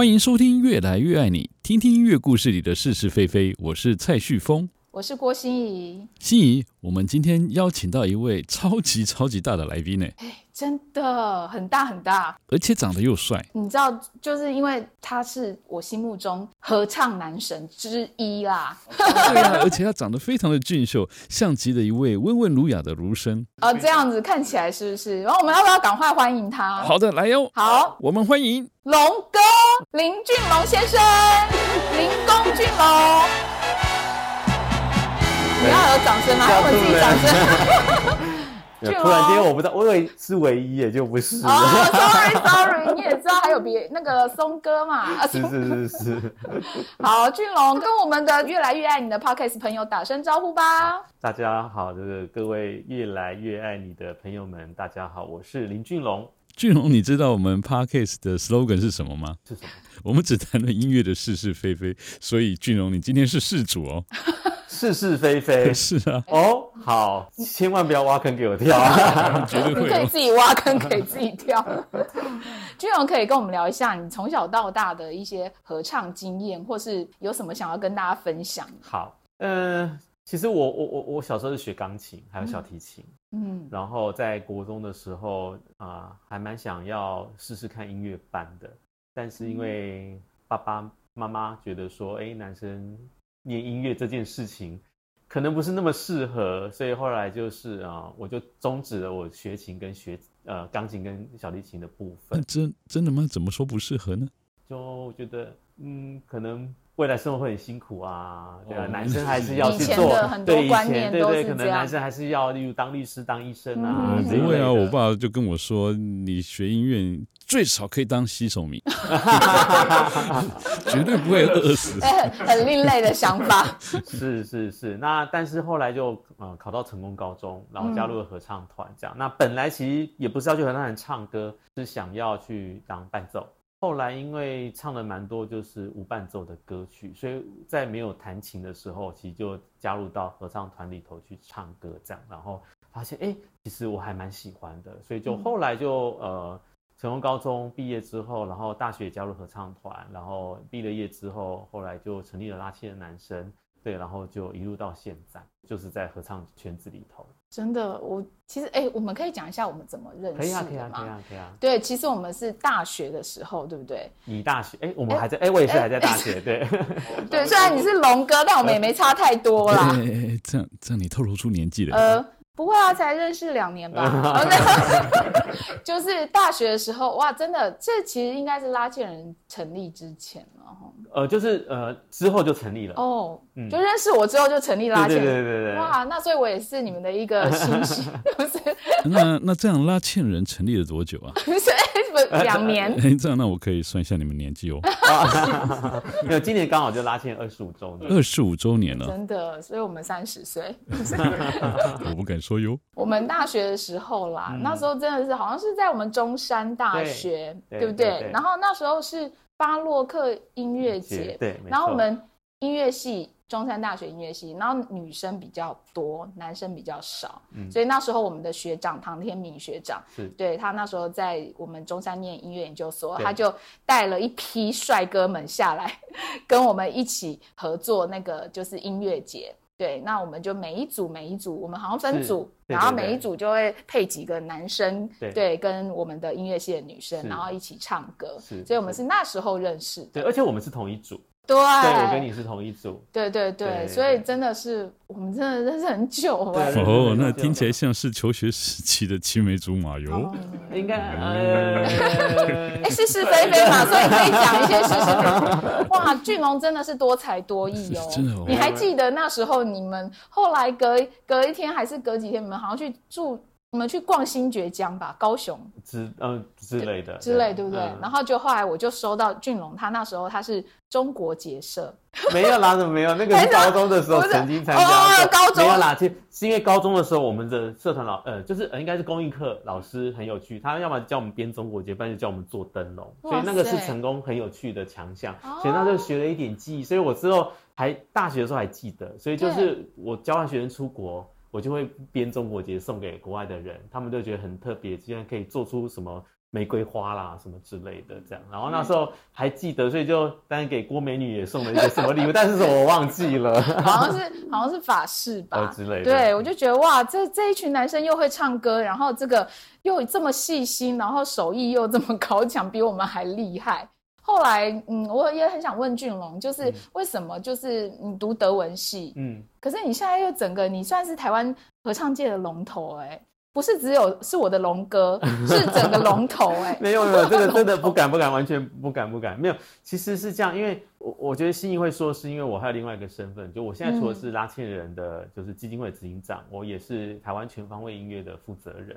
歡迎收聽《樂來越愛你》，聽聽音樂故事裡的是是非非。我是蔡旭峰。我是郭心怡，心怡，我們今天邀請到一位超級超級大的來賓呢，哎、欸，真的很大很大，而且長得又帥。你知道，就是因為他是我心目中合唱男神之一啦。對啊，而且他長得非常的俊秀， 像極了一位溫文儒雅的儒生啊、呃，這樣子看起來是不是？然、哦、後我們要不要趕快歡迎他？好的，來喲、哦。好，我們歡迎龍哥林俊龍先生，林公俊龍。你要有掌聲嗎、啊？還自己掌聲。 突然間我不知道，我以為是唯一，也就不是哦、oh, so，sorry，sorry， 你也知道還有別那個松哥嘛？ 是是是是。好，俊龍，跟我們的越來越愛你的 Podcast 朋友打聲招呼吧、啊。大家好，這、就、個、是、各位越來越愛你的朋友們，大家好，我是林俊龍。俊龍，你知道我們 Podcast 的 slogan 是什麼嗎？是什麼？我們只談論音樂的是是非非。所以，俊龍，你今天是事主哦。是是非非是啊，哦，好，千萬不要挖坑給我跳啊！ 你可以自己挖坑，給自己跳。 俊龍可以跟我們聊一下你從小到大的一些合唱經驗，或是有什麼想要跟大家分享？好，嗯、呃，其實我我我我小時候是學鋼琴，還有小提琴，嗯，嗯然後在國中的時候啊、呃，還蠻想要試試看音樂班的，但是因為爸爸媽媽覺得說，哎、欸，男生。念音樂這件事情，可能不是那麼適合，所以後來就是啊、哦，我就終止了我學琴跟學呃鋼琴跟小提琴的部分。真真的嗎？怎麼說不適合呢？就我覺得，嗯，可能。未來生活會很辛苦啊，對啊，男生還是要去做。很多觀念，對以前，對對，可能男生還是要，例如當律師、當醫生啊。因為啊，我爸就跟我說，你學音樂最少可以當西索米哈， 絕對不會餓死。很很另類的想法。 是是是，那但是後來就嗯、呃，考到成功高中，然後加入了合唱團，這樣。嗯、那本來其實也不是要去合唱團唱歌，是想要去當伴奏。後來因為唱的蠻多，就是無伴奏的歌曲，所以在沒有彈琴的時候，其實就加入到合唱團裡頭去唱歌，這樣，然後發現，哎，其實我還蠻喜歡的，所以就後來就、嗯、呃，成功高中畢業之後，然後大學加入合唱團，然後畢了業之後，後來就成立了拉縴人男聲。對，然後就一路到現在，就是在合唱圈子裡頭。真的，我其實哎、欸，我們可以講一下我們怎麼認識的嗎？可以啊，可以啊，可以啊，可以啊。對，其實我們是大學的時候，對不對？你大學哎、欸，我們還在哎、欸欸欸，我也是還在大學。欸欸、對，對，嗯、雖然你是龍哥，呃、但我們也沒差太多啦。這樣、欸欸欸、這樣，這樣你透露出年紀了。呃不會啊，才認識兩年吧？ 就是大學的時候哇，真的，這其實應該是拉縴人成立之前了呃，就是呃，之後就成立了哦，嗯、就認識我之後就成立拉縴人。對對，對對對對。哇，那所以我也是你們的一個心星。那那這樣拉縴人成立了多久啊？ 兩年，哎、欸，這樣，那我可以算一下你們年紀哦 沒有。今年剛好就拉近二十五周，二十五周年了，真的。所以我們三十歲， 我不敢說喲。我們大學的時候啦，嗯、那時候真的是好像是在我們中山大學，對，對不對？對對對，然後那時候是巴洛克音樂節，嗯，對。然後我們音樂系。中山大學音樂系，然後女生比較多，男生比較少，嗯，所以那時候我們的學長唐天明學長，是對他那時候在我們中山念音樂研究所，對他就帶了一批帥哥們下來，跟我們一起合作那個就是音樂節，對，那我們就每一組每一組，我們好像分組，對對對啊、然後每一組就會配幾個男生，對，對，跟我們的音樂系的女生，是然後一起唱歌，是，所以我們是那時候認識的對，而且我們是同一組。對，對，對，我跟你是同一組。對對對，對對對對，所以真的是我們真的認識很久了哦、喔，那聽起來像是求學時期的青梅竹馬喲。 應該，呃、啊啊 欸，是是非非嘛，所以可以講一些是是非非。哇，俊龍 epidemi ology 真的是多才多藝哦。真的哦。horror 喔、你還記得那時候你們後來隔隔一天還是隔幾天，你們好像去住？我們去逛新堀江吧，高雄之嗯、呃、之類的，對之類對不對？嗯、然後就後來我就收到俊龍，他那時候他是中國結社。沒有啦， 沒有，那個是高中的時候曾經參加 哦哦哦哦高中沒有啦，其實是因為高中的時候我們的社團老呃，就是呃應該是工藝課老師很有趣，他要麼叫我們編中國結，不然就叫我們做燈籠，塞所以那個是成功很有趣的強項，塞所以那時候學了一點技藝，所以我之後還大學的時候還記得，所以就是我教完學生出國。我就會編中國結送給國外的人，他們都覺得很特別，竟然可以做出什麼玫瑰花啦什麼之類的這樣。然後那時候還記得，所以就當然給郭美女也送了一個什麼禮物， 但是什麼我忘記了，好像是好像是法式吧、哦、之類的。對，我就覺得哇，這這一群男生又會唱歌，然後這個又這麼細心，然後手藝又這麼高強，比我們還厲害。後來，嗯，我也很想問俊龍，就是為什麼？就是你讀德文系，嗯，可是你現在又整個，你算是台灣合唱界的龍頭。欸，哎，不是只有是我的龍哥， 是整個龍頭，欸、頭，哎，沒有了，真的真的不敢不敢，完全不敢不敢，沒有，其實是這樣，因為我我覺得心怡會說，是因為我還有另外一個身份，就我現在除了是拉倩人的，就是基金會執行長，嗯、我也是台灣全方位音樂的負責人。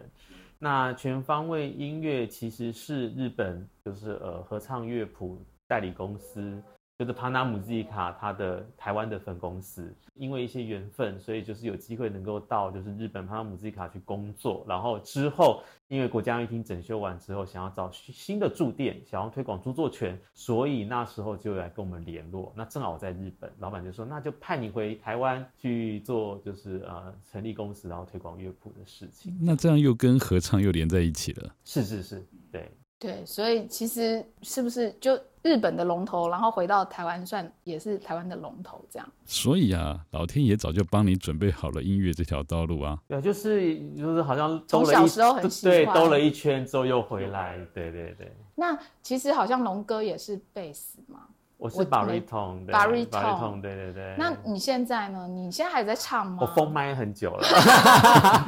那全方位音樂其實是日本，就是呃合唱樂譜代理公司。就是帕納姆茲卡他的台灣的分公司，因為一些緣分，所以就是有機會能夠到就是日本帕納姆茲卡去工作。然後之後，因為國家音樂廳整修完之後，想要找新的駐店，想要推廣著作權，所以那時候就來跟我們聯絡。那正好在日本，老闆就說那就派你回台灣去做就是呃成立公司，然後推廣樂譜的事情。那這樣又跟合唱又連在一起了。是是是對。對，所以其實是不是就日本的龍頭，然後回到台灣算也是台灣的龍頭這樣？所以啊，老天爺早就幫你準備好了音樂這條道路啊。對，就是就是好像兜了一從小時候很對，兜了一圈之後又回來，對對對。那其實好像龍哥也是貝斯嗎？我是巴瑞通、巴瑞通，對對對。那你現在呢？你現在還在唱嗎？我封麥很久了。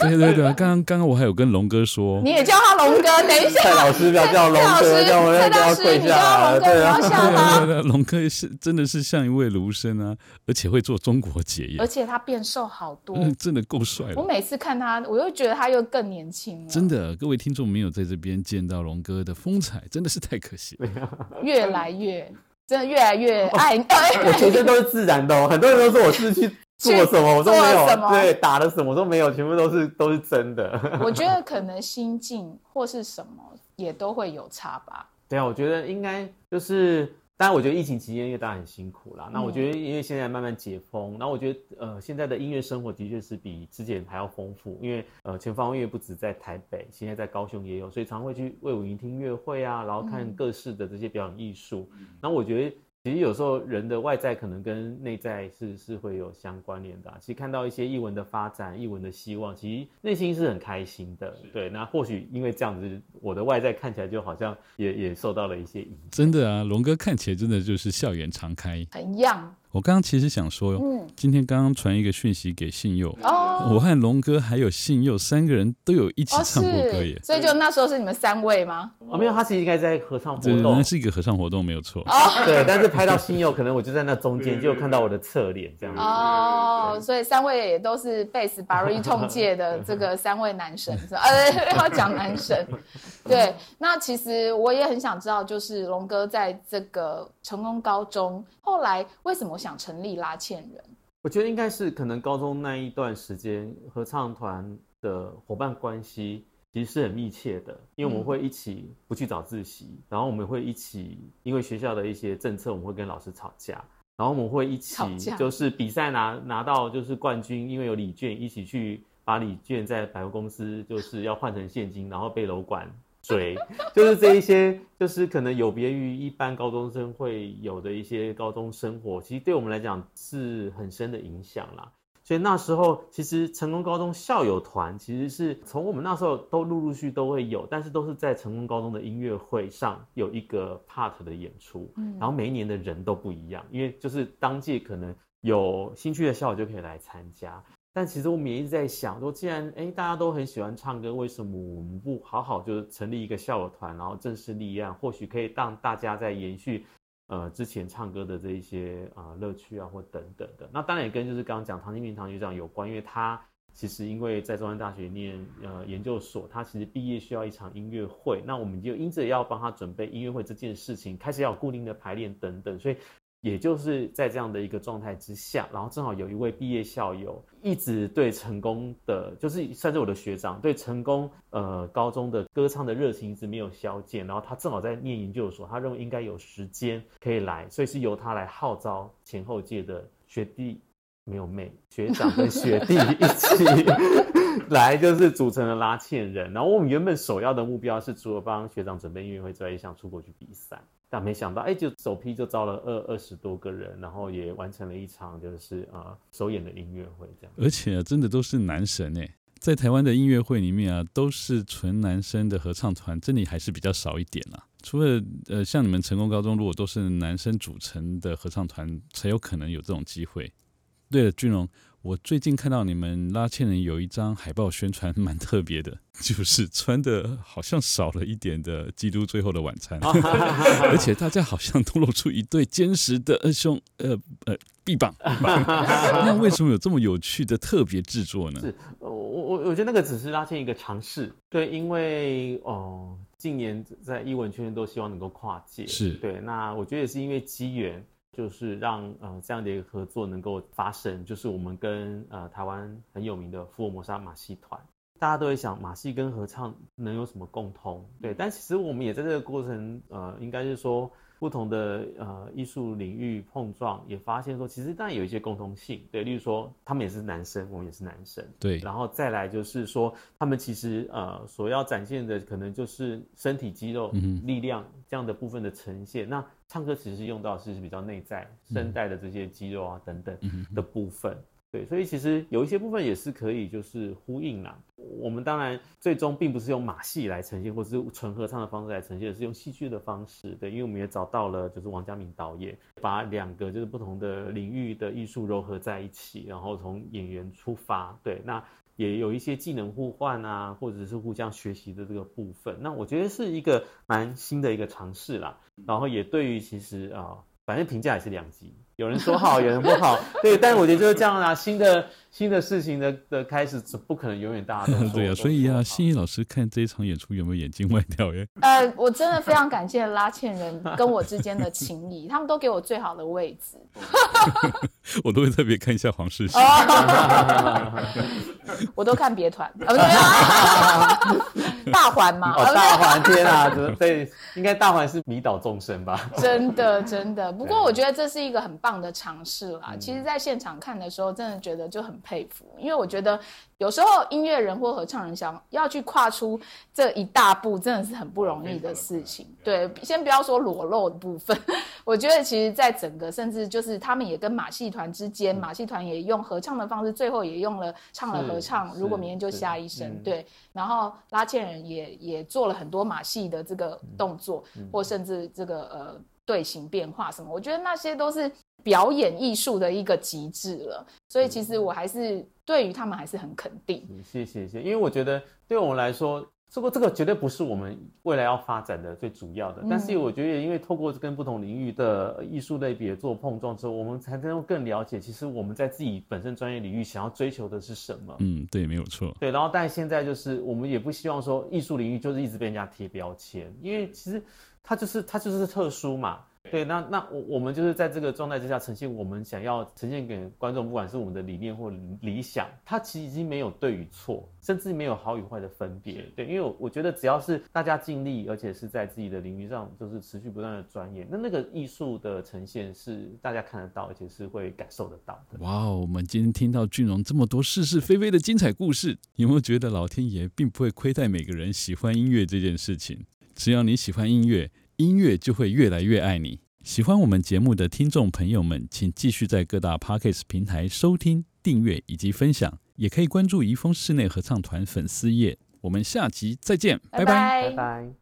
對對對，剛剛剛剛我還有跟龍哥說，你也叫他龍哥。等一下，蔡老師不要叫龍老師，蔡老師你叫龍哥，笑，對對對對，龍哥是真的是像一位儒生啊，而且會做中國結，而且他變瘦好多，真的夠帥的，我每次看他，我又覺得他又更年輕。真的，各位聽眾沒有在這邊見到龍哥的風采，真的是太可惜了。越來越。真的越來越愛你，哦哎、我全身都是自然的， 很多人都說我是去做什麼， 做了什麼我說沒有， 對，打了什麼，我說沒有，全部都是都是真的。 我覺得可能心境或是什麼也都會有差吧。對啊，我覺得應該就是。當然，但我覺得疫情期間，因為大家很辛苦啦。那我覺得，因為現在慢慢解封，嗯、然後我覺得，呃，現在的音樂生活的確是比之前還要豐富，因為呃，前方音樂不止在台北，現在在高雄也有，所以常，常會去衛武營聽音樂會啊，然後看各式的這些表演藝術。那、嗯、我覺得。其實有時候人的外在可能跟內在是是會有相關聯的啊。其實看到一些藝文的發展、藝文的希望，其實內心是很開心的。是對，那或許因為這樣子，我的外在看起來就好像也也受到了一些影響。真的啊，龍哥看起來真的就是笑顏常開。一樣。我剛剛其實想說喲，今天剛剛傳一個訊息給信佑，嗯、我和龍哥還有信佑三個人都有一起唱過歌耶、哦，所以就那時候是你們三位嗎？嗯、哦，沒有，他是應該在合唱活動，是一個合唱活動沒有錯。哦、對，但是拍到信佑，就是、可能我就在那中間，就看到我的側臉、嗯、這樣子。哦，對所以三位也都是貝斯、baritone 界的這個三位男神，是吧、 啊？呃，要講男神。 對，那其實我也很想知道，就是龍哥在這個成功高中後來為什麼？想成立拉縴人，我覺得應該是可能高中那一段時間合唱團的夥伴關係其實是很密切的，因為我們會一起不去早自習，嗯、然後我們會一起，因為學校的一些政策，我們會跟老師吵架，然後我們會一起就是比賽拿拿到就是冠軍，因為有禮券，一起去把禮券在百貨公司就是要換成現金，然後被樓管。水 就是這一些，就是可能有別於一般高中生會有的一些高中生活，其實對我們來講是很深的影響啦。所以那時候，其實成功高中校友團其實是從我們那時候都陸陸續都會有，但是都是在成功高中的音樂會上有一個 part 的演出。嗯，然後每一年的人都不一樣，因為就是當屆可能有興趣的校友就可以來參加。但其實我們也一直在想說，說既然誒、欸、大家都很喜歡唱歌，為什麼我們不好好就是成立一個校友團，然後正式立案，或許可以讓大家再延續，呃之前唱歌的這一些啊樂、呃、趣啊或等等的。那當然也跟就是剛剛講唐金明唐局長有關，因為他其實因為在中央大學念呃研究所，他其實畢業需要一場音樂會，那我們就因此要幫他準備音樂會這件事情，開始要有固定的排練等等，所以。也就是在這樣的一個狀態之下，然後正好有一位畢業校友，一直對成功的，就是算是我的學長，對成功呃高中的歌唱的熱情一直沒有消減，然後他正好在念研究所，他認為應該有時間可以來，所以是由他來號召前後屆的學弟，沒有妹，學長跟學弟一起。 來就是組成的拉縴人，然後我們原本首要的目標是除了幫學長準備音樂會之外，一項出國去比賽，但沒想到哎，就首批就招了二二十多個人，然後也完成了一場就是啊、呃、首演的音樂會這樣，而且、啊、真的都是男神誒，在台灣的音樂會裡面啊，都是純男生的合唱團，這裡還是比較少一點了、啊，除了呃像你們成功高中如果都是男生組成的合唱團，才有可能有這種機會。對了，俊龍。我最近看到你們拉縴人有一張海報宣傳蠻特別的，就是穿的好像少了一點的《基督最後的晚餐》，啊、 而且大家好像都露出一對堅實的二胸，呃呃，臂膀。啊、 那為什麼有這麼有趣的特別製作呢？是，我我我覺得那個只是拉縴一個嘗試，對，因為哦、呃，近年在藝文圈都希望能夠跨界，是對，那我覺得也是因為機緣。就是讓呃這樣的一個合作能夠發生，就是我們跟呃台灣很有名的《福爾摩沙馬戲團》，大家都會想馬戲跟合唱能有什麼共通？對，但其實我們也在這個過程呃，應該是說不同的呃藝術領域碰撞，也發現說其實當然有一些共通性，對，例如說他們也是男生，我們也是男生，對，然後再來就是說他們其實呃所要展現的可能就是身體肌肉力量這樣的部分的呈現，嗯、哼那。唱歌其實是用到是是比較內在聲帶的這些肌肉啊等等的部分，對，所以其實有一些部分也是可以就是呼應啦。我們當然最終並不是用馬戲來呈現，或是純合唱的方式來呈現，是用戲劇的方式，對，因為我們也找到了就是王嘉敏導演，把兩個就是不同的領域的藝術融合在一起，然後從演員出發，對，那。也有一些技能互換啊，或者是互相學習的這個部分，那我覺得是一個蠻新的一個嘗試啦。然後也對於其實啊，反正評價也是兩極。有人說好，有人不好， 對，但是我覺得就是這樣啦，啊。新的新的事情的的開始，不可能永遠大家都好 對啊，所以啊，心怡老師看這一場演出有沒有眼睛外掉耶？呃，我真的非常感謝拉縴人跟我之間的情誼， 他們都給我最好的位置。 我都會特別看一下黃世賢， 我都看別團。大環嗎？哦，大環，天啊，怎麼被？應該大環是迷倒眾生吧？真的，真的。不過我覺得這是一個很棒的嘗試啦。對其實，在現場看的時候，真的覺得就很佩服，因為我覺得。有時候音樂人或合唱人想要去跨出這一大步，真的是很不容易的事情。Oh, okay, okay. 對，先不要說裸露的部分， 我覺得其實在整個，甚至就是他們也跟馬戲團之間，嗯、馬戲團也用合唱的方式，最後也用了唱了合唱。是如果明天就下一聲，是對。然後拉纖人也也做了很多馬戲的這個動作，嗯嗯、或甚至這個呃隊形變化什麼，我覺得那些都是表演藝術的一個極致了，所以其實我還是對於他們還是很肯定。嗯，謝謝，謝謝，因為我覺得對我們來說，這個這個絕對不是我們未來要發展的最主要的。嗯，但是我覺得，因為透過跟不同領域的藝術類別做碰撞之後，我們才能夠更了解，其實我們在自己本身專業領域想要追求的是什麼。嗯，對，沒有錯。對，然後但是現在就是我們也不希望說藝術領域就是一直被人家貼標籤，因為其實它就是它就是特殊嘛。對，那那我我們就是在這個狀態之下呈現我們想要呈現給觀眾，不管是我們的理念或理想，它其實已經沒有對與錯，甚至沒有好與壞的分別。對，因為我覺得只要是大家盡力，而且是在自己的領域上，就是持續不斷的專業，那那個藝術的呈現是大家看得到，而且是會感受得到的。哇哦，我們今天聽到俊龍這麼多是是非非的精彩故事，有沒有覺得老天爺並不會虧待每個人喜歡音樂這件事情？只要你喜歡音樂。音樂就會越來越愛你。喜歡我們節目的聽眾朋友們，請繼續在各大 Podcast 平台收聽、訂閱以及分享，也可以關注怡豐室內合唱團粉絲頁。我們下集再見，拜拜。拜拜拜拜。